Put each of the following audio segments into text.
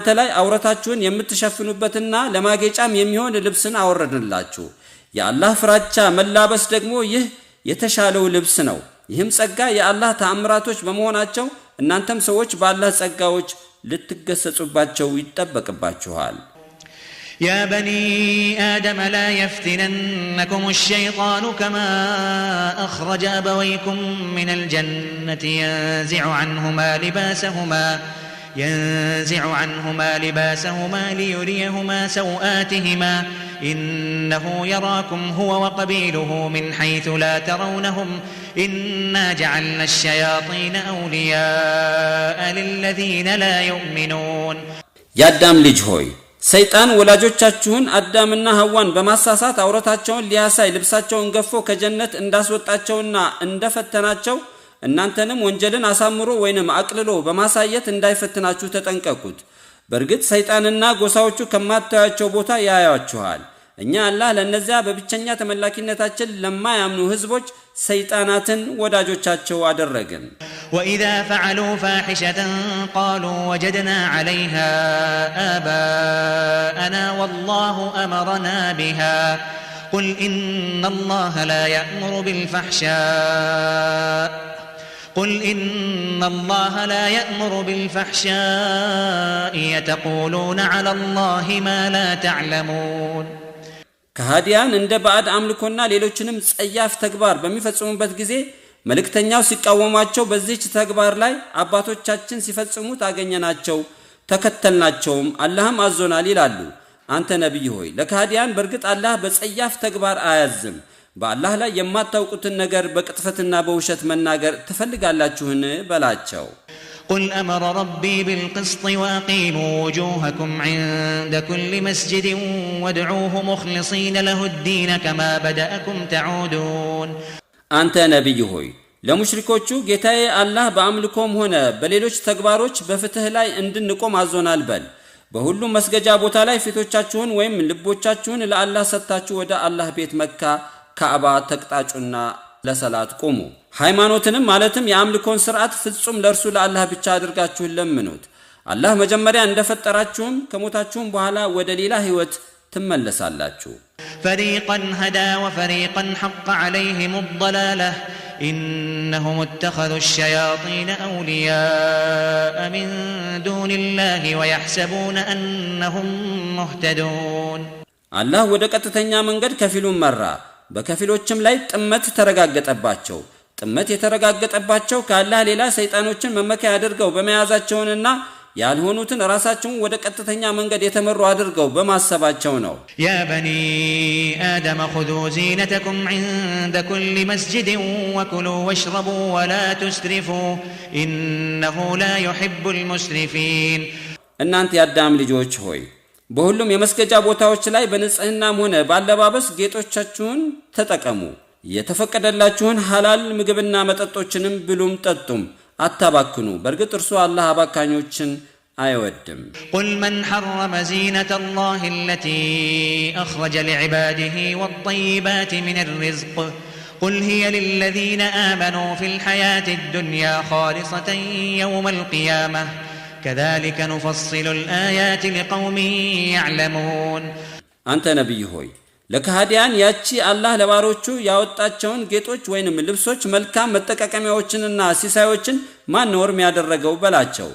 እናንተ ላይ አውረታችሁን የምትሸፍኑበትና ለማጌጫም የሚሆን ልብስን አወረድንላችሁ። የአላህ ፍራቻ መላበስ ደግሞ ይህ የተሻለው ልብስ ነው። ይህም ጸጋ የአላህ ተአምራቶች በመሆናቸው እናንተም ሰዎች በአላህ ጸጋዎች ልትገሰጹባቸው ይጠበቅባችኋል። يا بني آدم لا يفتننكم الشيطان كما أخرج أبويكم من الجنة ينزع عنهما لباسهما ينزع عنهما لباسهما ليريهما سوآتهما إنه يراكم هو وقبيله من حيث لا ترونهم إنا جعلنا الشياطين أولياء للذين لا يؤمنون يا دام لجهوي سيطان ولا تشون أدام إنها وان بما ساسات أورتاتشون لياساي تشون قفو كجنة انداس وطاتشون تشون እናንተንም ወንጀልን አሳምሮ ወይንም አቅልሎ በማሳየት እንዳይፈትናችሁ ተጠንቀቁት። በእርግጥ ሰይጣንና ጎሳዎቹ ከማታያቸው ቦታ ያያችኋል። እኛ አላህ ለእነዚያ በብቸኛ ተመላኪነታችን ለማያምኑ ህዝቦች ሰይጣናትን ወዳጆቻቸው አደረግን። ወኢዛ ፈዓሉ ፋሒሸተን ቃሉ ወጀድና ዐለይሃ አባአና ወላሁ አመረና ቢሃ قل إن الله لا يأمر بالفحشاء قل إن الله لا يأمر بالفحشاء يتقولون على الله ما لا تعلمون ከሃዲያን እንደ ባዕድ አምልኮና ሌሎችንም ጸያፍ ተግባር በሚፈጽሙበት ጊዜ መልእክተኛው ሲቃወማቸው በዚች ተግባር ላይ አባቶቻችን ሲፈጽሙት አገኘናቸው ተከተልናቸውም አላህም አዞናል ይላሉ አንተ ነቢይ ሆይ ለካህዲያን በእርግጥ አላህ በጸያፍ ተግባር አያዝም በአላህ ላይ የማታውቁትን ነገር በቅጥፈትና በውሸት መናገር ትፈልጋላችሁን በላቸው ቁል አመረ ረቢ بالقسط ወአቂሙ وجوهكم عند كل مسجد وادعوه مخلصين له الدين كما بدأكم تعودون أنت نبي هوي ለሙሽሪኮቹ ጌታዬ አላህ በአምልኮም ሆነ በሌሎች ተግባሮች በፍትህ ላይ እንድንቆም አዞናል በል በሁሉም መስገጃ ቦታ ላይ ፊቶቻችሁን ወይም ልቦቻችሁን ለአላህ ሰጥታችሁ ወደ አላህ ቤት መካ ከአባ ተቅጣጩና ለሰላት ቁሙ። ሃይማኖትንም ማለትም የአምልኮን ስርዓት ፍጹም ለእርሱ ለአላህ ብቻ አድርጋችሁ ለምኑት። አላህ መጀመሪያ እንደፈጠራችሁም ከሞታችሁም በኋላ ወደ ሌላ ህይወት ትመለሳላችሁ። ፈሪቀን ሀዳ ወፈሪቀን ሐቀ ዐለይሂም አደላላ ኢነሁም እተኸዙ ሸያጢነ አውሊያአ ሚን ዱኒላህ ወየሕሰቡነ አነሁም ሙህተዱን። አላህ ወደ ቀጥተኛ መንገድ ከፊሉን መራ በከፊሎችም ላይ ጥመት ተረጋገጠባቸው። ጥመት የተረጋገጠባቸው ከአላህ ሌላ ሰይጣኖችን መመኪያ አድርገው በመያዛቸውንና ያልሆኑትን ራሳቸውን ወደ ቀጥተኛ መንገድ የተመሩ አድርገው በማሰባቸው ነው። ያ በኒ አደም ኹዙ ዚነተኩም ዒንደ ኩሊ መስጅድን ወኩሉ ወሽረቡ ወላ ቱስሪፉ ኢነሁ ላ ዩሕቡ ልሙስሪፊን። እናንተ የአዳም ልጆች ሆይ بقولهم يمسك جابوا تاوش لاي بنسألنا منا بعد بابس جيتوا تشجون تتكمو يتفكر الله تشون حلال مجبن نامت أتوشنم بلوم تدم أتباكنو برجع ترسو الله باكانيو تشن أيودم قل من حرم زينة الله التي أخرج لعباده والطيبات من الرزق قل هي للذين آمنوا في الحياة الدنيا خالصة يوم القيامة كذلك نفصل الآيات لقوم يعلمون አንተ ነቢይ ሆይ ለካህዲያን ያቺ አላህ ለባሮቹ ያወጣቸውን ጌጦች ወይንም ልብሶች መልካም መጠቃቀሚያዎችንና ሲሳዮችን ማን ወርም ያደረገው በላቸው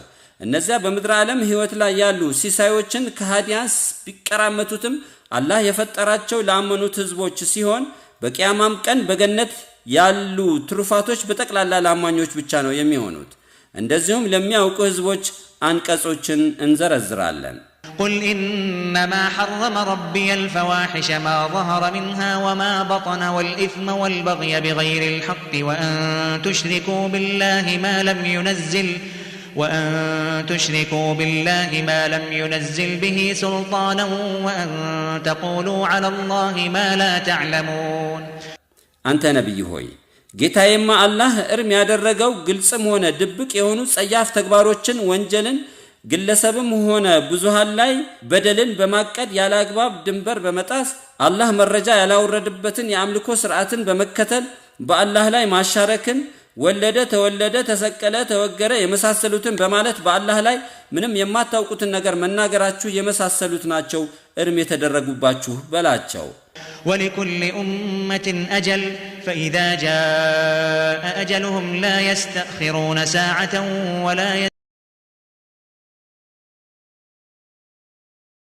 እነዚያ በምድር ዓለም ህይወት ላይ ያሉ ሲሳዮችን ከሃዲያን ቢቀራመቱትም አላህ የፈጠራቸው ላመኑት ህዝቦች ሲሆን በቅያማም ቀን በገነት ያሉ ትሩፋቶች በጠቅላላ ለአማኞች ብቻ ነው የሚሆኑት እንደዚሁም ለሚያውቁ ህዝቦች انزر እንዘረዝራለን። قل إنما حرم ربي الفواحش ما ظهر منها وما بطن والإثم والبغي بغير الحق وأن تشركوا بالله ما لم ينزل وأن تشركوا بالله ما لم ينزل به سلطانا وأن تقولوا على الله ما لا تعلمون أنت نبي هوي ጌታዬማ አላህ እርም ያደረገው ግልጽም ሆነ ድብቅ የሆኑ ጸያፍ ተግባሮችን፣ ወንጀልን፣ ግለሰብም ሆነ ብዙሃን ላይ በደልን በማቀድ ያለ አግባብ ድንበር በመጣስ አላህ መረጃ ያላወረድበትን የአምልኮ ስርዓትን በመከተል በአላህ ላይ ማሻረክን ወለደ፣ ተወለደ፣ ተሰቀለ፣ ተወገረ የመሳሰሉትን በማለት በአላህ ላይ ምንም የማታውቁትን ነገር መናገራችሁ የመሳሰሉት ናቸው እርም የተደረጉባችሁ በላቸው። ወሊኩል ኡመትን አጀል فإذا جاء أجلهم لا يستأخرون ساعة ولا يستأخرون